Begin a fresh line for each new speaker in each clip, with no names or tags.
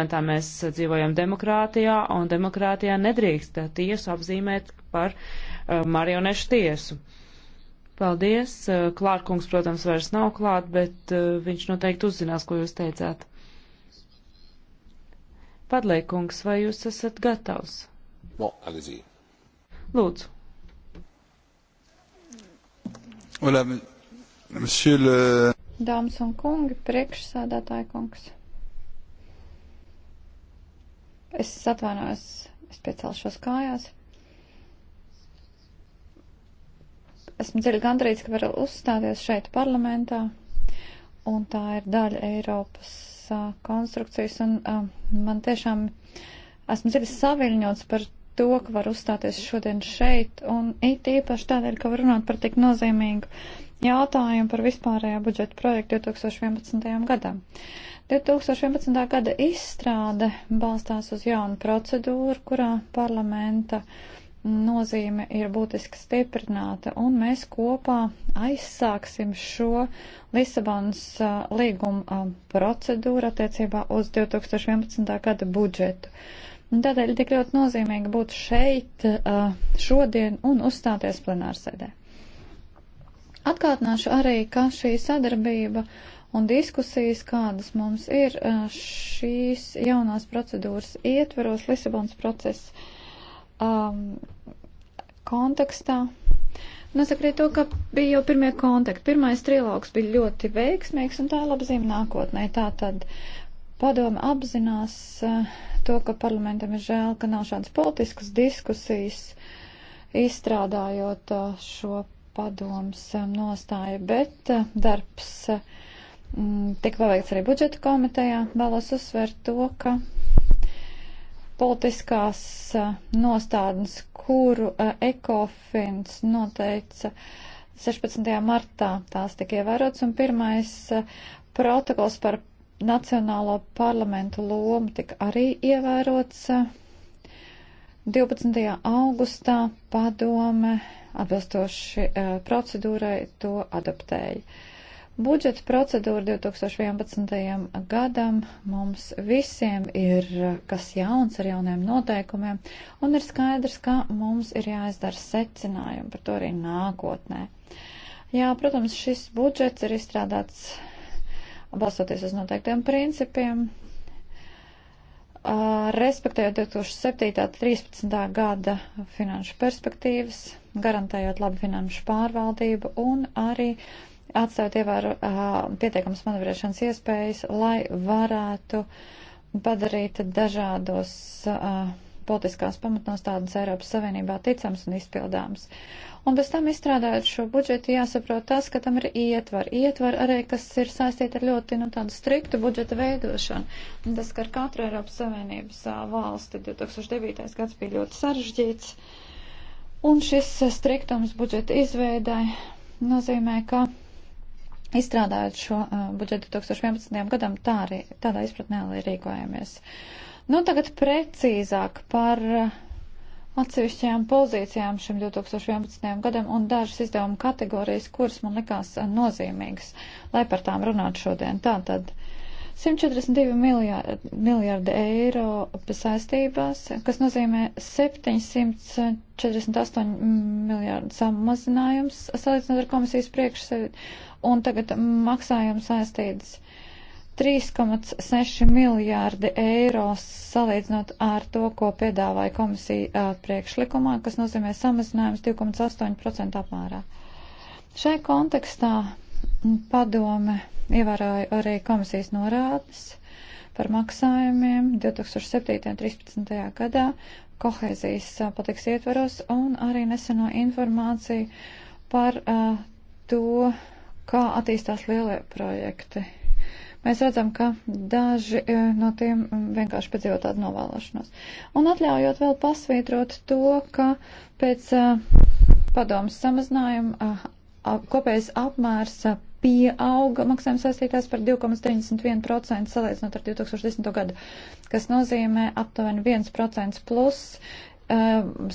parlamentā mēs dzīvojam demokrātijā, un demokrātijā nedrīkst tiesu apzīmēt par uh, marionešu tiesu. Paldies. Uh, Klārkungs, protams, vairs nav klāt, bet uh, viņš noteikti uzzinās, ko jūs teicāt. Padlaikungs, vai jūs esat gatavs? Bon, allez-y. Lūdzu. Hola, monsieur le...
Dāmas un kungi, priekšsādātāja kungs. Es atvainojos, es piecelšos kājās. Esmu dziļi gandrīz, ka varu uzstāties šeit parlamentā, un tā ir daļa Eiropas uh, konstrukcijas, un uh, man tiešām esmu dziļi saviļņots par to, ka var uzstāties šodien šeit, un it īpaši tādēļ, ka var runāt par tik nozīmīgu jautājumu par vispārējā budžeta projektu 2011. gadam. 2011. gada izstrāde balstās uz jaunu procedūru, kurā parlamenta nozīme ir būtiski stiprināta, un mēs kopā aizsāksim šo Lisabonas līguma procedūru attiecībā uz 2011. gada budžetu. Un tādēļ tik ļoti nozīmīgi būt šeit šodien un uzstāties plenārsēdē. Atkārtināšu arī, ka šī sadarbība uh, Un diskusijas, kādas mums ir šīs jaunās procedūras ietveros Lisabons procesa um, kontekstā. Nosaka arī to, ka bija jau pirmie kontakti. Pirmais trilogs bija ļoti veiksmīgs, un tā ir laba zīme nākotnē. Tā tad padome apzinās uh, to, ka parlamentam ir žēl, ka nav šādas politiskas diskusijas izstrādājot uh, šo padoms nostāju, bet uh, darbs. Uh, Mm, Tik paveikts arī budžeta komitejā. Vēlos uzsvērt to, ka politiskās nostādnes, kuru ekofins noteica 16. martā, tās tika ievērots, un pirmais protokols par nacionālo parlamentu lomu tika arī ievērots. 12. augustā padome atbilstoši procedūrai to adaptēja. Budžeta procedūra 2011. gadam mums visiem ir eh, kas jauns ar jauniem noteikumiem, un ir skaidrs, ka mums ir jāizdara secinājumi par to arī nākotnē. Jā, protams, šis budžets ir izstrādāts balstoties uz noteiktiem principiem, respektējot 2007.13. gada finanšu perspektīvas, garantējot labu finanšu pārvaldību un arī atstāt ievēru pietiekams manevrēšanas iespējas, lai varētu padarīt dažādos uh, politiskās pamatnostādes Eiropas Savienībā ticams un izpildāms. Un bez tam izstrādājot šo budžetu, jāsaprot tas, ka tam ir ietvar. Ietvar arī, kas ir saistīta ar ļoti nu, tādu striktu budžeta veidošanu. Un tas, ka ar katru Eiropas Savienības valsti 2009. gads bija ļoti sarežģīts. Un šis striktums budžeta izveidai nozīmē, ka izstrādājot šo uh, budžetu 2011. gadam, tā arī, tādā izpratnē arī rīkojamies. Nu, tagad precīzāk par uh, atsevišķajām pozīcijām šim 2011. gadam un dažas izdevuma kategorijas, kuras man likās uh, nozīmīgas, lai par tām runātu šodien. Tātad. Uh, 142 miljārdi, miljārdi eiro saistībās, kas nozīmē 748 miljārdu samazinājums salīdzinot ar komisijas priekšsevi, un tagad maksājums saistības 3,6 miljārdi eiro salīdzinot ar to, ko piedāvāja komisija priekšlikumā, kas nozīmē samazinājums 2,8% apmērā. Šai kontekstā padome Ievēroju arī komisijas norādes par maksājumiem 2007. un 2013. gadā kohēzijas patiks ietvaros un arī neseno informāciju par uh, to, kā attīstās lielie projekti. Mēs redzam, ka daži uh, no tiem vienkārši piedzīvo tādu novēlošanos. Un atļaujot vēl pasvītrot to, ka pēc uh, padomas samazinājuma uh, kopējais apmērs pieauga maksājuma saistītās par 2,91% salīdzinot ar 2010. gadu, kas nozīmē aptuveni 1% plus, eh,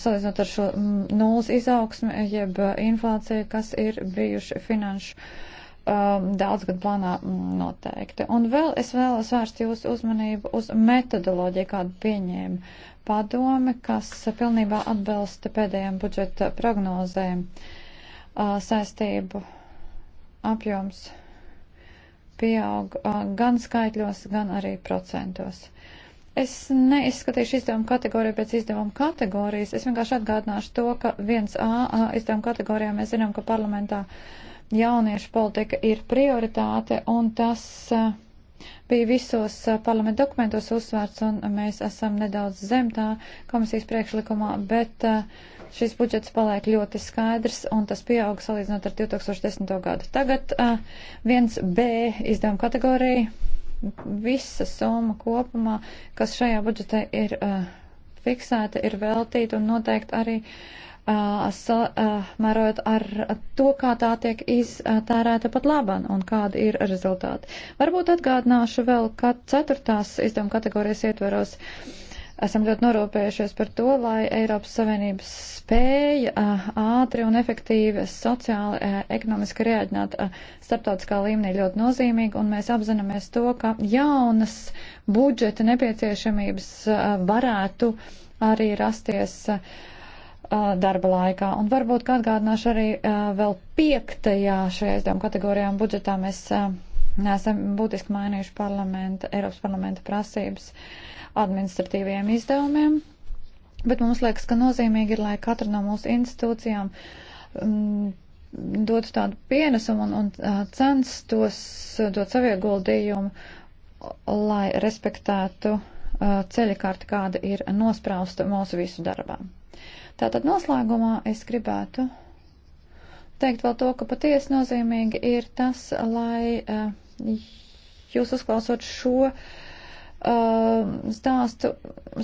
salīdzinot ar šo mm, nulles izaugsmi, jeb eh, inflāciju, kas ir bijuši finanšu eh, daudzgad plānā mm, noteikti. Un vēl es vēlos vērst jūsu uzmanību uz metodoloģiju, kādu pieņēma padome, kas pilnībā atbilst pēdējām budžeta prognozēm saistību apjoms pieaug gan skaitļos, gan arī procentos. Es neizskatīšu izdevumu kategoriju pēc izdevumu kategorijas. Es vienkārši atgādināšu to, ka 1A izdevumu kategorijā mēs zinām, ka parlamentā jauniešu politika ir prioritāte un tas uh, bija visos parlamenta dokumentos uzsvērts, un mēs esam nedaudz zem tā komisijas priekšlikumā, bet šis budžets paliek ļoti skaidrs, un tas pieaug salīdzinot ar 2010. gadu. Tagad 1B izdevuma kategorija, visa summa kopumā, kas šajā budžetē ir fiksēta, ir veltīta un noteikti arī uh, Uh, samērojot uh, ar to, kā tā tiek iztērēta pat laban un kādi ir rezultāti. Varbūt atgādināšu vēl, ka ceturtās izdevuma kategorijas ietveros esam ļoti norūpējušies par to, lai Eiropas Savienības spēja uh, ātri un efektīvi sociāli, ekonomiski rēģināt starptautiskā līmenī ļoti nozīmīgi, un mēs apzināmies to, ka jaunas budžeta nepieciešamības varētu arī rasties uh, darba laikā. Un varbūt kā atgādināšu arī vēl piektajā šajā izdevuma kategorijām budžetā mēs neesam būtiski mainījuši parlamenta, Eiropas parlamenta prasības administratīviem izdevumiem, bet mums liekas, ka nozīmīgi ir, lai katra no mūsu institūcijām m, mm, dotu tādu pienesumu un, un censtos dot savu ieguldījumu, lai respektētu ceļakārti, kāda ir nosprausta mūsu visu darbām. Tātad noslēgumā es gribētu teikt vēl to, ka patiesi nozīmīgi ir tas, lai eh, jūs uzklausot šo eh, stāstu,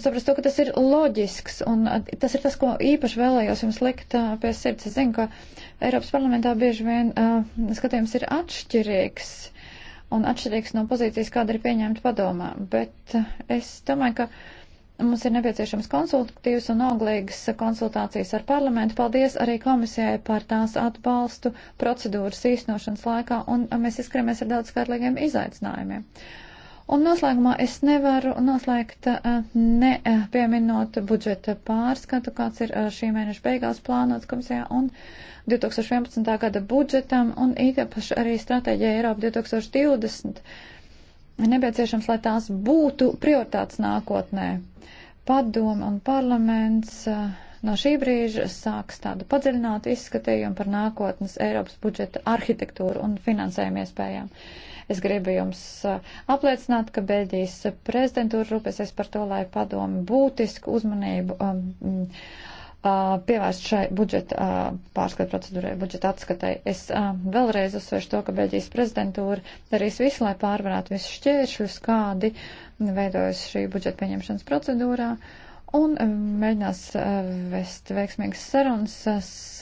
saprast to, ka tas ir loģisks, un eh, tas ir tas, ko īpaši vēlējos jums likt pie sirds. Es zinu, ka Eiropas parlamentā bieži vien skatījums ir atšķirīgs, un atšķirīgs no pozīcijas, kāda ir pieņemta padomā, bet es domāju, ka Mums ir nepieciešams konsultatīvas un auglīgas konsultācijas ar parlamentu. Paldies arī komisijai par tās atbalstu procedūras īstenošanas laikā, un mēs izskaramies ar daudz skārlīgiem izaicinājumiem. Un noslēgumā es nevaru noslēgt eh, nepieminot eh, budžeta pārskatu, kāds ir eh, šī mēneša beigās plānots komisijā un 2011. gada budžetam un īpaši arī stratēģija Eiropa 2020 nepieciešams, lai tās būtu prioritātes nākotnē. Padoma un parlaments eh, no šī brīža sāks tādu padziļinātu izskatījumu par nākotnes Eiropas budžeta arhitektūru un finansējumu iespējām. Es gribu jums eh, apliecināt, ka Beļģijas prezidentūra rūpēsies par to, lai padomi būtisku uzmanību um, Uh, pievērst šai budžeta uh, pārskatu procedūrai, budžeta atskatai. Es uh, vēlreiz uzsveršu to, ka Beļģijas prezidentūra darīs visu, lai pārvarētu visus šķēršļus, kādi veidojas šī budžeta pieņemšanas procedūrā. Un um, mēģinās vest veiksmīgas sarunas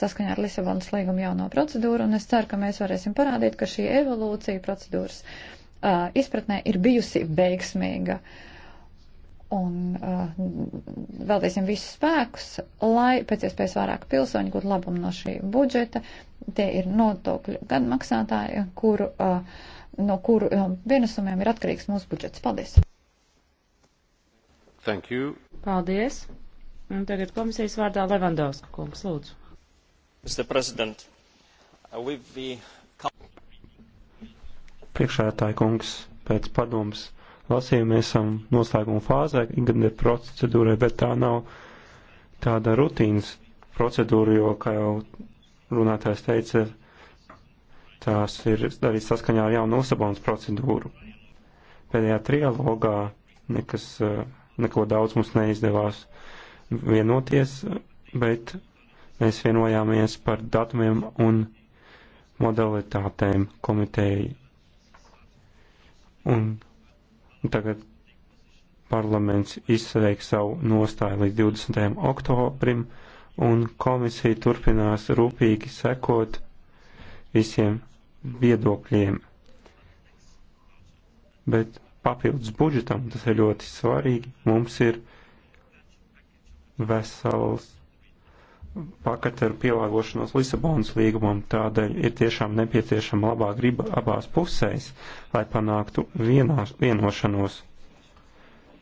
saskaņā ar Lisabonas līgumu jauno procedūru, un es ceru, ka mēs varēsim parādīt, ka šī evolūcija procedūras uh, izpratnē ir bijusi veiksmīga. Uh, un uh, veltīsim visus spēkus, lai pēc iespējas vairāk pilsoņu gūtu labumu no šī budžeta. Tie ir nodokļu gan maksātāji, kuru, uh, no kuru um, vienasumiem ir atkarīgs mūsu budžets. Paldies!
Thank you.
Paldies! Un tagad komisijas vārdā Levandovska kungs, lūdzu.
Mr. President, uh, with the... Priekšētāji kungs pēc padoms lasījumu mēs esam noslēguma fāzē, gan ir procedūra, bet tā nav tāda rutīnas procedūra, jo, kā jau runātājs teica, tās ir arī saskaņā ar jaunu Lisabonas procedūru. Pēdējā trialogā nekas, eh, neko daudz mums neizdevās vienoties, bet mēs vienojāmies par datumiem un modalitātēm komiteji. Un Tagad parlaments izsveik savu nostāju līdz 20. oktobrim, un komisija turpinās rūpīgi sekot visiem viedokļiem. Bet papildus budžetam, tas ir ļoti svarīgi, mums ir vesels pakete ar pielāgošanos Lisabonas līgumam, tādēļ ir tiešām nepieciešama labā griba abās pusēs, lai panāktu vienā, vienošanos.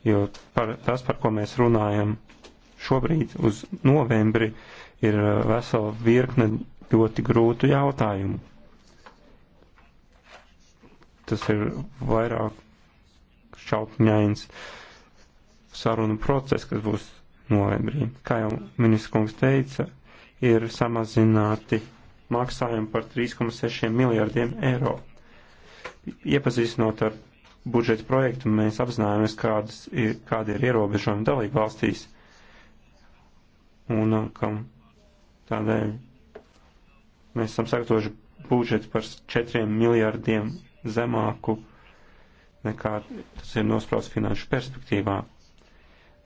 Jo par, tas, par ko mēs runājam šobrīd uz novembri, ir uh, vesela virkne ļoti grūtu jautājumu. Tas ir vairāk šautņains sarunu process, kas būs novembrī. Kā jau ministrs kungs teica, ir samazināti maksājumi par 3,6 miljārdiem eiro. Iepazīstinot ar budžeta projektu, mēs apzināmies, kādas ir, kādi ir ierobežojumi dalību valstīs un kam tādēļ mēs esam sagatavojuši budžetu par 4 miljārdiem zemāku nekā tas ir nospraust finanšu perspektīvā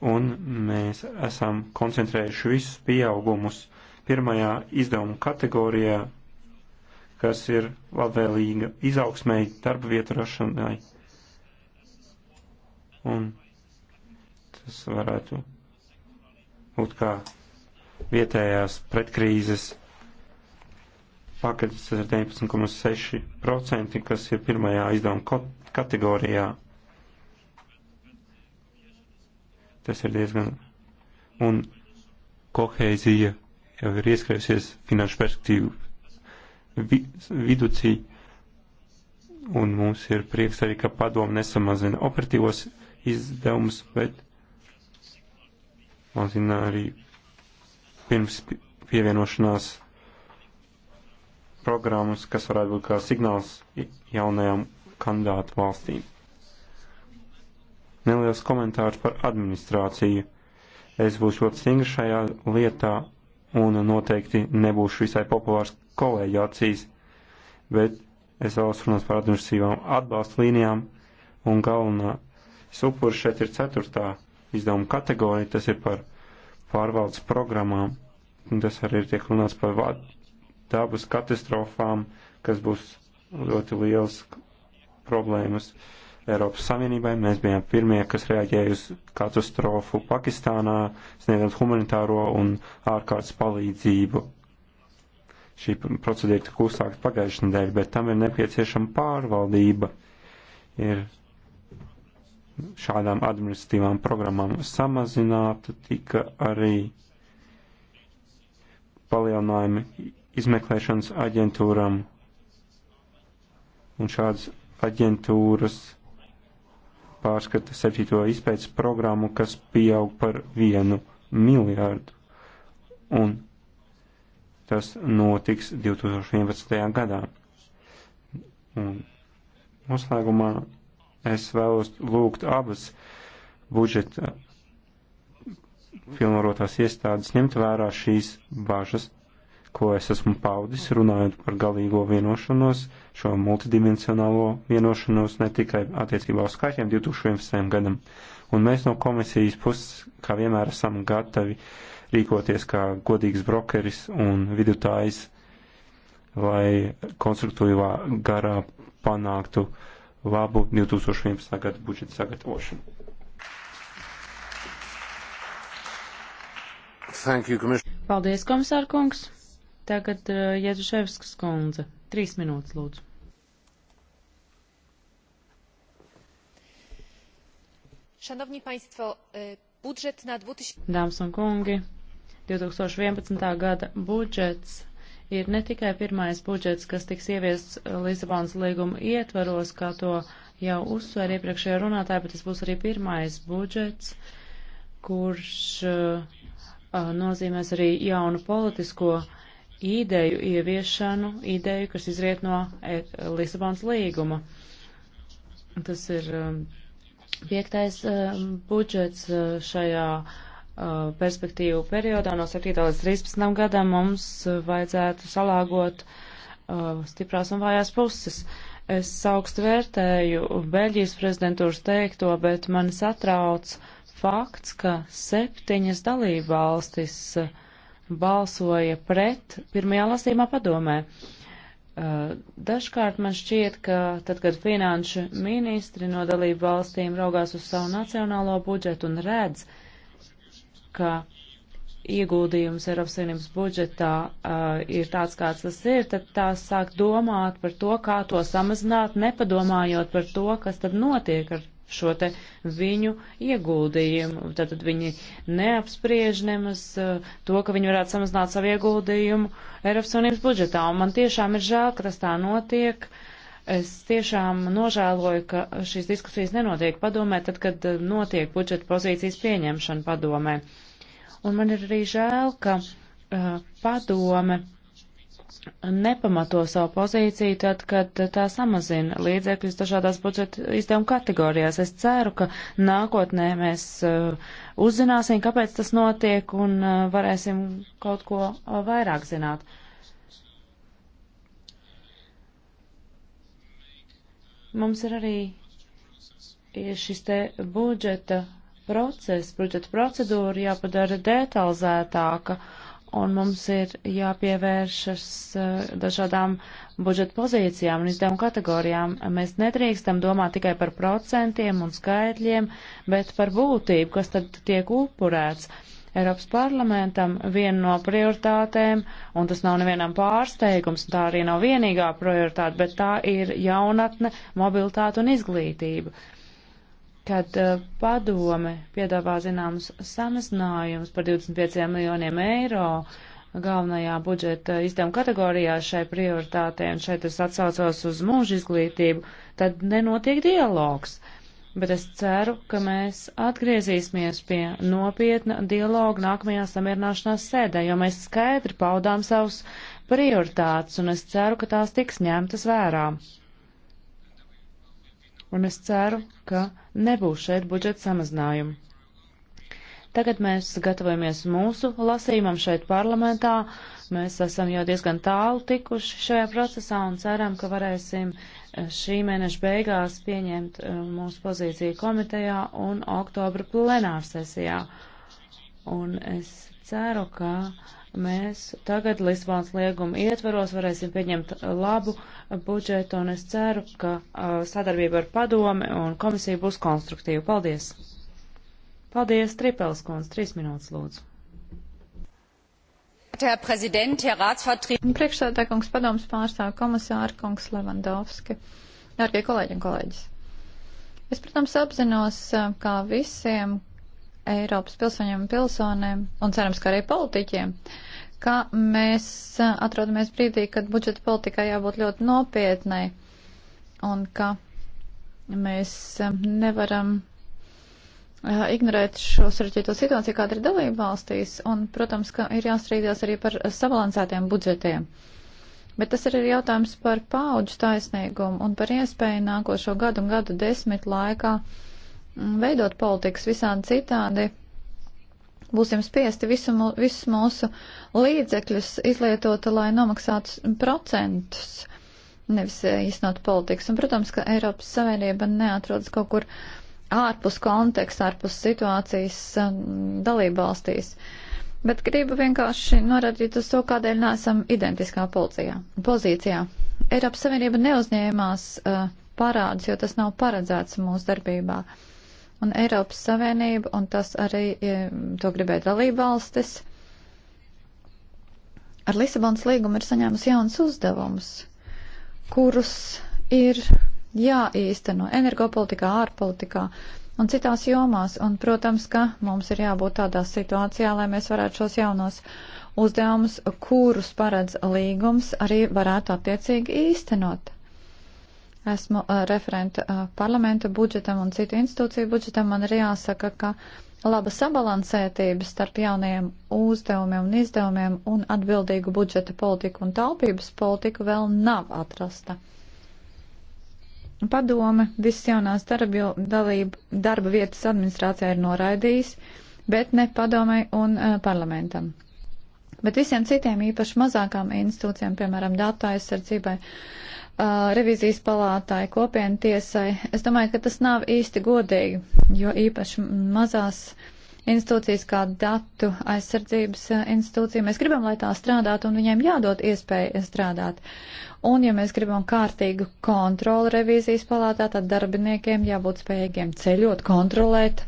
un mēs esam koncentrējuši visus pieaugumus pirmajā izdevuma kategorijā, kas ir labvēlīga izaugsmēji, darba vietu rašanai. Un tas varētu būt kā vietējās pretkrīzes pakaļ, tas ir 19,6%, kas ir pirmajā izdevuma kategorijā Tas ir diezgan. Un kohēzija jau ir ieskrējusies finanšu perspektīvu Vi, viducī. Un mums ir prieks arī, ka padomu nesamazina operatīvos izdevumus, bet mazina arī pirms pievienošanās programmas, kas varētu būt kā signāls jaunajām kandidātu valstīm neliels komentārs par administrāciju. Es būšu ļoti stingri šajā lietā un noteikti nebūšu visai populārs kolēģi acīs, bet es vēlos runāt par administratīvām atbalsta līnijām un galvenā supurs šeit ir ceturtā izdevuma kategorija, tas ir par pārvaldes programmām, un tas arī ir tiek runāts par dabas katastrofām, kas būs ļoti liels problēmas. Uh, Eiropas Savienībai. Mēs bijām pirmie, kas reaģēja uz katastrofu Pakistānā, sniedzot humanitāro un ārkārtas palīdzību. Šī procedūra tika uzsākta pagājušajā nedēļā, bet tam ir nepieciešama pārvaldība. Ir šādām administratīvām programmām samazināta, tika arī palielinājumi izmeklēšanas aģentūram, un šādas aģentūras pārskata septīto izpētes programmu, kas pieaug par vienu miljārdu. Un tas notiks 2011. gadā. Un noslēgumā es vēlos lūgt abas budžeta pilnvarotās iestādes ņemt vērā šīs bažas ko es esmu paudis, runājot par galīgo vienošanos, šo multidimensionālo vienošanos ne tikai attiecībā uz skaitļiem 2011. gadam. Un mēs no komisijas puses, kā vienmēr, esam gatavi rīkoties kā godīgs brokeris un vidutājs, lai konstruktīvā garā panāktu labu 2011. gada budžeta sagatavošanu. Thank you,
Paldies, komisār kungs! Tagad uh, eh, Ježuševskas kundze. Trīs minūtes, lūdzu.
Šanovni państwo, e, budžet na 2000...
Dāmas un kungi, 2011. gada budžets ir ne tikai pirmais budžets, kas tiks ieviests Lisabonas līguma ietvaros, kā to jau uzsver iepriekšējā runātāja, bet tas būs arī pirmais budžets, kurš uh, nozīmēs arī jaunu politisko uh, ideju ieviešanu, ideju, kas izriet no e, Lisabonas līguma. Tas ir um, piektais um, budžets uh, šajā uh, perspektīvu periodā no 7. līdz 13. gadam mums vajadzētu salāgot uh, stiprās un vājās puses. Es augstu vērtēju Beļģijas prezidentūras teikto, bet mani satrauc fakts, ka septiņas dalībvalstis uh, balsoja pret pirmajā lasīmā padomē. Uh, dažkārt man šķiet, ka tad, kad finanšu ministri no dalību valstīm raugās uz savu nacionālo budžetu un redz, ka ieguldījums Eiropas Savienības budžetā uh, ir tāds, kāds tas ir, tad tās sāk domāt par to, kā to samazināt, nepadomājot par to, kas tad notiek ar šo te viņu ieguldījumu. Tātad viņi neapspriež nemaz eh, to, ka viņi varētu samazināt savu ieguldījumu Eiropas Savienības budžetā. Un man tiešām ir žēl, ka tas tā notiek. Es tiešām nožēloju, ka šīs diskusijas nenotiek padomē, tad, kad eh, notiek budžeta pozīcijas pieņemšana padomē. Un man ir arī žēl, ka uh, padome nepamato savu pozīciju tad, kad tā samazina līdzekļus dažādās budžeta izdevuma kategorijās. Es ceru, ka nākotnē mēs uh, uzzināsim, kāpēc tas notiek un uh, varēsim kaut ko uh, vairāk zināt. Mums ir arī šis te budžeta process, budžeta procedūra jāpadara detalizētāka. Uh, un mums ir jāpievēršas eh, dažādām budžeta pozīcijām un izdevumu kategorijām. Mēs nedrīkstam domāt tikai par procentiem un skaitļiem, bet par būtību, kas tad tiek upurēts. Eiropas parlamentam viena no prioritātēm, un tas nav nevienam pārsteigums, tā arī nav vienīgā prioritāte, bet tā ir jaunatne, mobilitāte un izglītība. Uh, kad eh, padome piedāvā zināmas samazinājumus par 25 miljoniem eiro galvenajā budžeta izdevuma kategorijā šai prioritātei, un šeit es atsaucos uz mūža izglītību, tad nenotiek dialogs. Bet es ceru, ka mēs atgriezīsimies pie nopietna dialoga nākamajā samierināšanās sēdē, jo mēs skaidri paudām savus prioritātes, un es ceru, ka tās tiks ņemtas vērā un es ceru, ka nebūs šeit budžeta samazinājumu. Tagad mēs gatavojamies mūsu lasījumam šeit parlamentā. Mēs esam jau diezgan tālu tikuši šajā procesā un ceram, ka varēsim eh, šī mēneša beigās pieņemt eh, mūsu pozīciju komitejā un oktobra plenārsesijā. Un es ceru, ka Mēs tagad Lisbāns lieguma ietvaros varēsim pieņemt labu budžetu, un es ceru, ka sadarbība ar padomi un komisiju būs konstruktīva. Paldies! Paldies, Tripelskons, trīs minūtes lūdzu.
Herr Präsident, Herr Ratsvertreter. Priekšstādā kungs padoms pārstāv komisāra kungs Levandovski. Dārgie kolēģi un kolēģis. Es, protams, apzinos, kā visiem, Eiropas pilsoņiem un pilsonēm, un cerams, ka arī politiķiem, ka mēs atrodamies brīdī, kad budžeta politikā jābūt ļoti nopietnai, un ka mēs nevaram ignorēt šo sarežģīto situāciju, kāda ir dalība valstīs, un, protams, ka ir jāstrīdās arī par sabalansētiem budžetiem. Bet tas ir arī jautājums par paudžu taisnīgumu un par iespēju nākošo gadu un gadu desmit laikā uh, veidot politikas visādi citādi, būsim spiesti visu, visus mūsu līdzekļus izlietot, lai nomaksātu procentus, nevis eh, īstenot politikas. Un, protams, ka Eiropas Savienība neatrodas kaut kur ārpus konteksta, ārpus situācijas um, dalībvalstīs. Bet gribu vienkārši norādīt uz to, kādēļ neesam identiskā policijā, pozīcijā. Eiropas Savienība neuzņēmās uh, parādus, jo tas nav paredzēts mūsu darbībā. Uh, Un Eiropas Savienība, un tas arī e, to gribēja dalība valstis, ar Lisabonas līgumu ir saņēmusi jaunas uzdevumus, kurus ir jāīsteno energopolitikā, ārpolitikā un citās jomās. Un, protams, ka mums ir jābūt tādā situācijā, lai mēs varētu šos jaunos uzdevumus, kurus paredz līgums, arī varētu attiecīgi īstenot. Esmu uh, referenta uh, parlamenta budžetam un citu institūciju budžetam. Man ir jāsaka, ka laba sabalansētība starp jaunajiem uzdevumiem un izdevumiem un atbildīgu budžeta politiku un taupības politiku vēl nav atrasta. Padome visas jaunās darba, dalība, darba vietas administrācijā ir noraidījis, bet ne padomei un uh, parlamentam. Bet visiem citiem, īpaši mazākām institūcijām, piemēram, datu aizsardzībai, uh, Uh, revizijas palātai, kopienu tiesai. Es domāju, ka tas nav īsti godīgi, jo īpaši mazās institūcijas kā datu aizsardzības uh, institūcija, mēs gribam, lai tā strādātu un viņiem jādod iespēja strādāt. Un ja mēs gribam kārtīgu kontroli revīzijas palātā, tad darbiniekiem jābūt spējīgiem ceļot, kontrolēt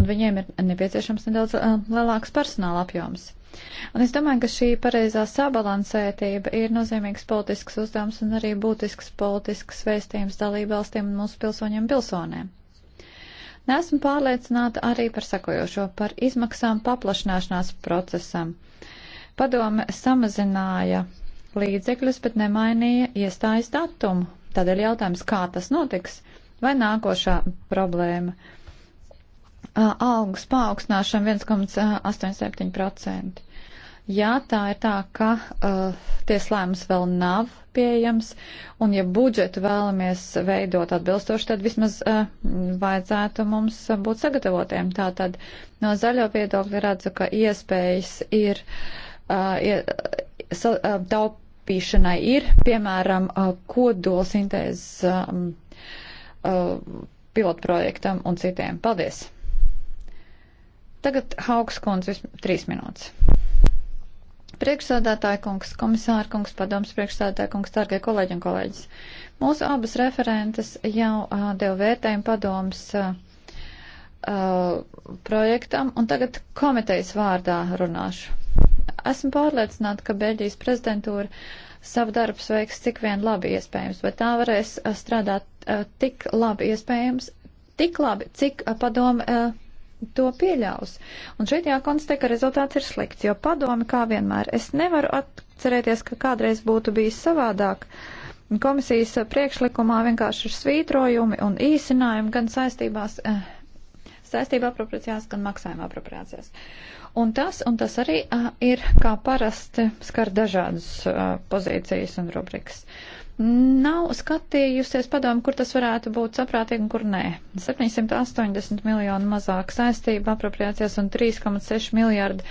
un viņiem ir nepieciešams nedaudz uh, lielāks personāla apjoms. Un es domāju, ka šī pareizā sabalansētība ir nozīmīgs politisks uzdevums un arī būtisks politisks vēstījums dalībvalstīm un mūsu pilsoņiem pilsonēm. Nesmu pārliecināta arī par sakojošo, par izmaksām paplašināšanās procesam. Padome samazināja līdzekļus, bet nemainīja iestājas datumu. Tādēļ jautājums, kā tas notiks, vai nākošā problēma algas paaugstināšana 1,87%. Jā, tā ir tā, ka uh, tieslēmums vēl nav pieejams, un ja budžetu vēlamies veidot atbilstoši, tad vismaz uh, vajadzētu mums būt sagatavotiem. Tātad no zaļo viedokļa redzu, ka iespējas ir uh, ie, sa, uh, taupīšanai ir, piemēram, uh, kodolsintēzes uh, uh, pilotprojektam un citiem. Paldies! Tagad Hauks kundze, trīs minūtes. Priekšsādātāja kungs, komisāra kungs, padoms priekšsādātāja kungs, dārgie kolēģi un kolēģis. Mūsu abas referentes jau uh, deva vērtējumu padoms. Uh, projektam, un tagad komitejas vārdā runāšu. Esmu pārliecināta, ka Beļģijas prezidentūra savu darbu veiks cik vien labi iespējams, bet tā varēs strādāt tik labi iespējams, tik labi, cik padome to pieļaus. Un šeit jākonstatē, ka rezultāts ir slikts, jo padomi, kā vienmēr, es nevaru atcerēties, ka kādreiz būtu bijis savādāk. Komisijas priekšlikumā vienkārši ir svītrojumi un īsinājumi gan saistībās, eh, saistībā apropriācijās, gan maksājuma apropriācijās. Un tas, un tas arī eh, ir, kā parasti, skar dažādas eh, pozīcijas un rubrikas. Uh, nav skatījusies padomu, kur tas varētu būt saprātīgi un kur nē. 780 miljonu mazāk saistība apropriācijās un 3,6 miljārdi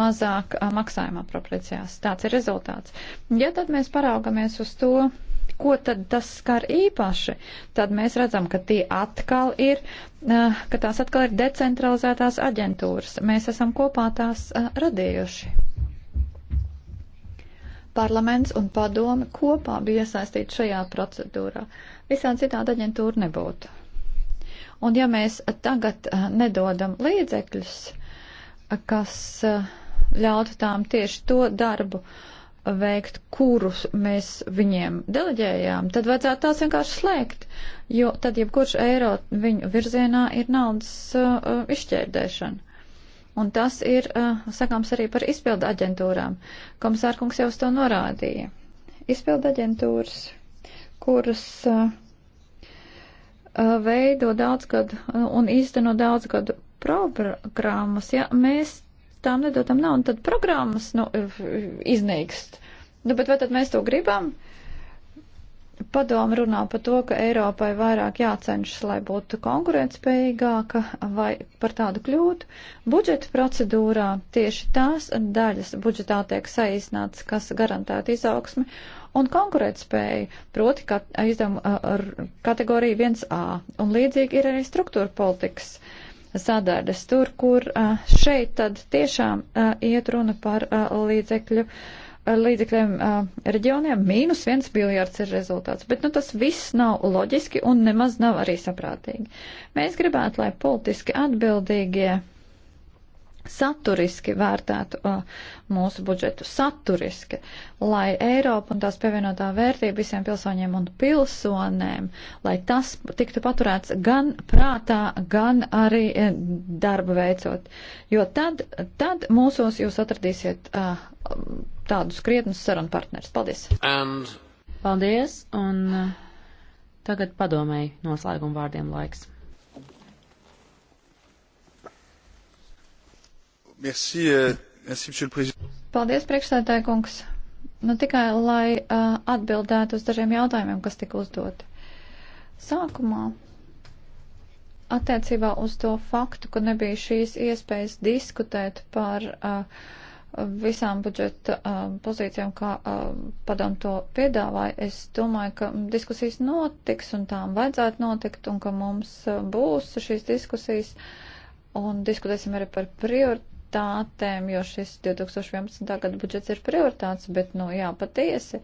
mazāk maksājuma apropriācijās. Tāds ir rezultāts. Ja tad mēs paraugamies uz to, ko tad tas skar īpaši, tad mēs redzam, ka tie atkal ir, ka tās atkal ir decentralizētās aģentūras. Mēs esam kopā tās radījuši parlaments un padome kopā bija iesaistīti šajā procedūrā. Visādi citādi aģentūra nebūtu. Un ja mēs tagad eh, nedodam līdzekļus, eh, kas eh, ļautu tām tieši to darbu veikt, kurus mēs viņiem deleģējām, tad vajadzētu tās vienkārši slēgt, jo tad jebkurš eiro viņu virzienā ir naudas uh, izšķērdēšana. Un tas ir uh, sakāms arī par izpildu aģentūrām. Komisārkungs jau uz to norādīja. Izpildu aģentūras, kuras uh, veido daudzgadu un īsteno daudzgadu programmas, ja mēs tām nedodam naudu, tad programmas nu, iznīkst. Nu, bet vai tad mēs to gribam? Uh, Padomu runā par to, ka Eiropai vairāk jācenšas, lai būtu konkurētspējīgāka vai par tādu kļūtu. Budžeta procedūrā tieši tās daļas budžetā tiek saīsnāts, kas garantētu izaugsmi un konkurētspēju, proti kat, izdevuma kategorija 1A. Un līdzīgi ir arī struktūra politikas sadaļas tur, kur šeit tad tiešām iet runa par līdzekļu līdzekļiem reģioniem mīnus viens biljards ir rezultāts. Bet nu, tas viss nav loģiski un nemaz nav arī saprātīgi. Mēs gribētu, lai politiski atbildīgie saturiski vērtētu uh, mūsu budžetu, saturiski, lai Eiropa un tās pievienotā vērtība visiem pilsoņiem un pilsonēm, lai tas tiktu paturēts gan prātā, gan arī eh, darba veicot. Jo tad, tad mūsos jūs atradīsiet uh, tādus krietnus
sarunu partners. Paldies! And... Paldies! Un uh, tagad padomēji noslēguma vārdiem laiks. Merci, euh, merci, monsieur le président. Paldies, priekšsēdētāji kungs.
Nu, tikai lai uh, atbildētu uz dažiem jautājumiem, kas tika uzdoti. Sākumā attiecībā uz to faktu, ka nebija šīs iespējas diskutēt par uh, visām budžeta uh, pozīcijām, kā uh, padom to piedāvāja, es domāju, ka diskusijas notiks un tām vajadzētu notikt un ka mums uh, būs šīs diskusijas un diskutēsim arī par prior prioritātēm, jo šis 2011. gada budžets ir prioritāts, bet, nu, jā, patiesi.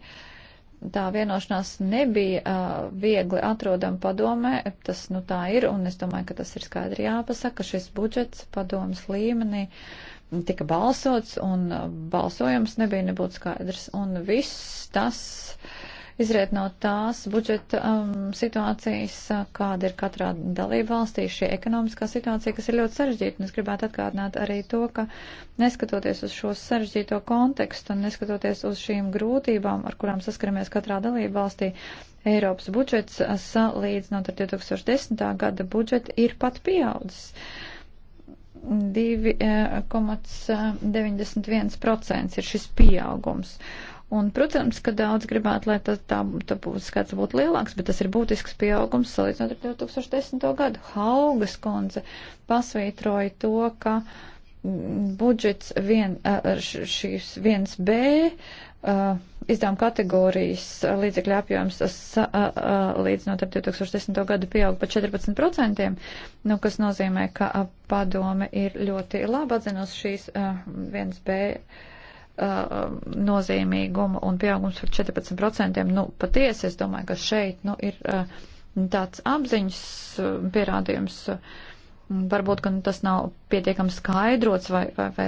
Tā vienošanās nebija uh, viegli atrodama padomē, tas nu tā ir, un es domāju, ka tas ir skaidri jāpasaka, šis budžets padomas līmenī tika balsots, un balsojums nebija nebūtu skaidrs, un viss tas uh, izriet no tās budžeta um, situācijas, uh, kāda ir katrā dalība valstī, šī ekonomiskā situācija, kas ir ļoti sarežģīta. Un es gribētu atgādināt arī to, ka neskatoties uz šo sarežģīto kontekstu un neskatoties uz šīm grūtībām, ar kurām saskaramies katrā dalība valstī, Eiropas budžets uh, salīdzinot ar 2010. gada budžetu ir pat pieaudzis. 2,91% eh, eh, ir šis pieaugums. Un, protams, ka daudz gribētu, lai tas tā, tā būs, kāds būtu lielāks, bet tas ir būtisks pieaugums salīdzinot ar 2010. gadu. Haugas konce pasvītroja to, ka mm, budžets vien, šīs 1B izdevuma kategorijas līdzekļu apjoms salīdzinot ar 2010. gadu pieaug pa 14%, nu, kas nozīmē, ka padome ir ļoti labi atzinusi šīs 1B Uh, nozīmīgumu un pieaugums par 14%. Nu, patiesi, es domāju, ka šeit nu, ir uh, tāds apziņas uh, pierādījums. Varbūt, ka nu, tas nav pietiekami skaidrots vai, vai, vai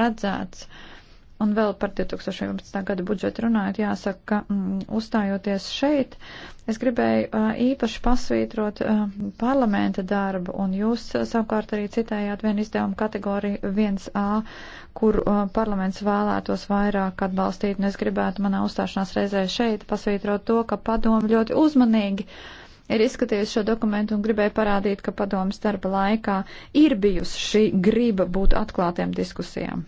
redzēts. Uh, Un vēl par 2011. gada budžetu runājot, jāsaka, ka mm, uzstājoties šeit, es gribēju uh, īpaši pasvītrot uh, parlamenta darbu, un jūs uh, savukārt arī citējāt vienu izdevumu kategoriju 1A, kur uh, parlaments vēlētos vairāk atbalstīt, un es gribētu manā uzstāšanās reizē šeit pasvītrot to, ka padomu ļoti uzmanīgi ir izskatījusi šo dokumentu un gribēja parādīt, ka padomas darba laikā ir bijusi šī griba būt atklātiem diskusijām.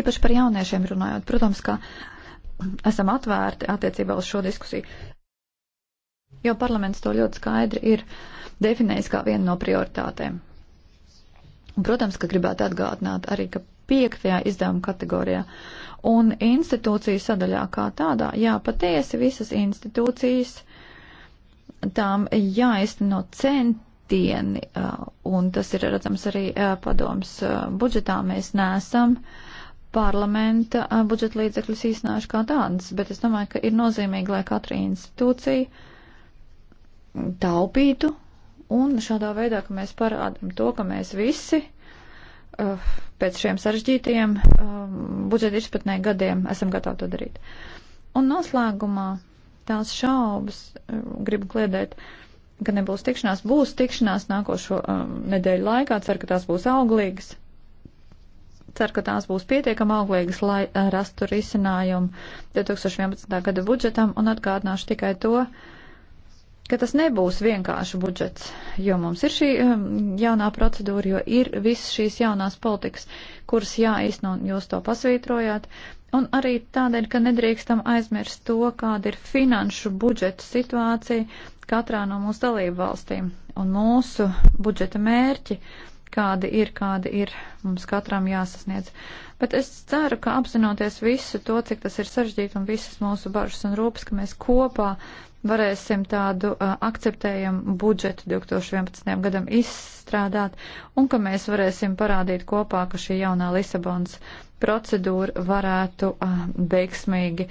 Īpaši par jauniešiem runājot, protams, ka esam atvērti attiecībā uz šo diskusiju. Jo parlaments to ļoti skaidri ir definējis kā vienu no prioritātēm. Un, protams, ka gribētu atgādināt arī, ka piektajā izdevuma kategorijā un institūciju sadaļā kā tādā, jā, patiesi visas institūcijas tām jāizteno centieni, un tas ir redzams arī padoms budžetā, mēs nesam uh, parlamenta budžeta līdzekļus īstenāšu kā tādas, bet es domāju, ka ir nozīmīgi, lai katra institūcija taupītu un šādā veidā, ka mēs parādam to, ka mēs visi uh, pēc šiem sarežģītajiem uh, budžeta izpratnē gadiem esam gatavi to darīt. Un noslēgumā tās šaubas, uh, gribu kliedēt, ka nebūs tikšanās, būs tikšanās nākošo nedēļu laikā, ceru, ka tās būs auglīgas Ceru, ka tās būs pietiekami auglīgas, lai eh, rastu risinājumu 2011. gada budžetam un atgādināšu tikai to, ka tas nebūs vienkārši budžets, jo mums ir šī ehm, jaunā procedūra, jo ir visas šīs jaunās politikas, kuras jāizno, jūs to pasvītrojāt, un arī tādēļ, ka nedrīkstam aizmirst to, kāda ir finanšu budžeta situācija katrā no mūsu dalību valstīm un mūsu budžeta mērķi kādi ir, kādi ir mums katram jāsasniedz. Bet es ceru, ka apzinoties visu to, cik tas ir sarežģīti un visas mūsu bažas un rūpes, ka mēs kopā varēsim tādu uh, akceptējumu budžetu 2011. gadam izstrādāt un ka mēs varēsim parādīt kopā, ka šī jaunā Lisabons procedūra varētu uh, veiksmīgi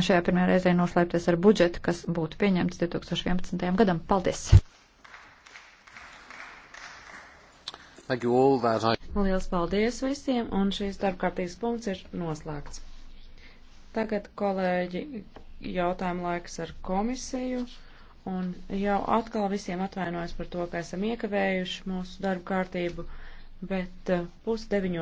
šajā pirmajā reizē noslēpties ar budžetu, kas būtu pieņemts 2011. gadam. Paldies! Liels
paldies visiem, un šīs darbkārtības punkts ir noslēgts. Tagad, kolēģi, jautājumu laiks ar komisiju, un jau atkal visiem atvainojas par to, ka esam iekavējuši mūsu darbkārtību, bet eh, pusdeviņo.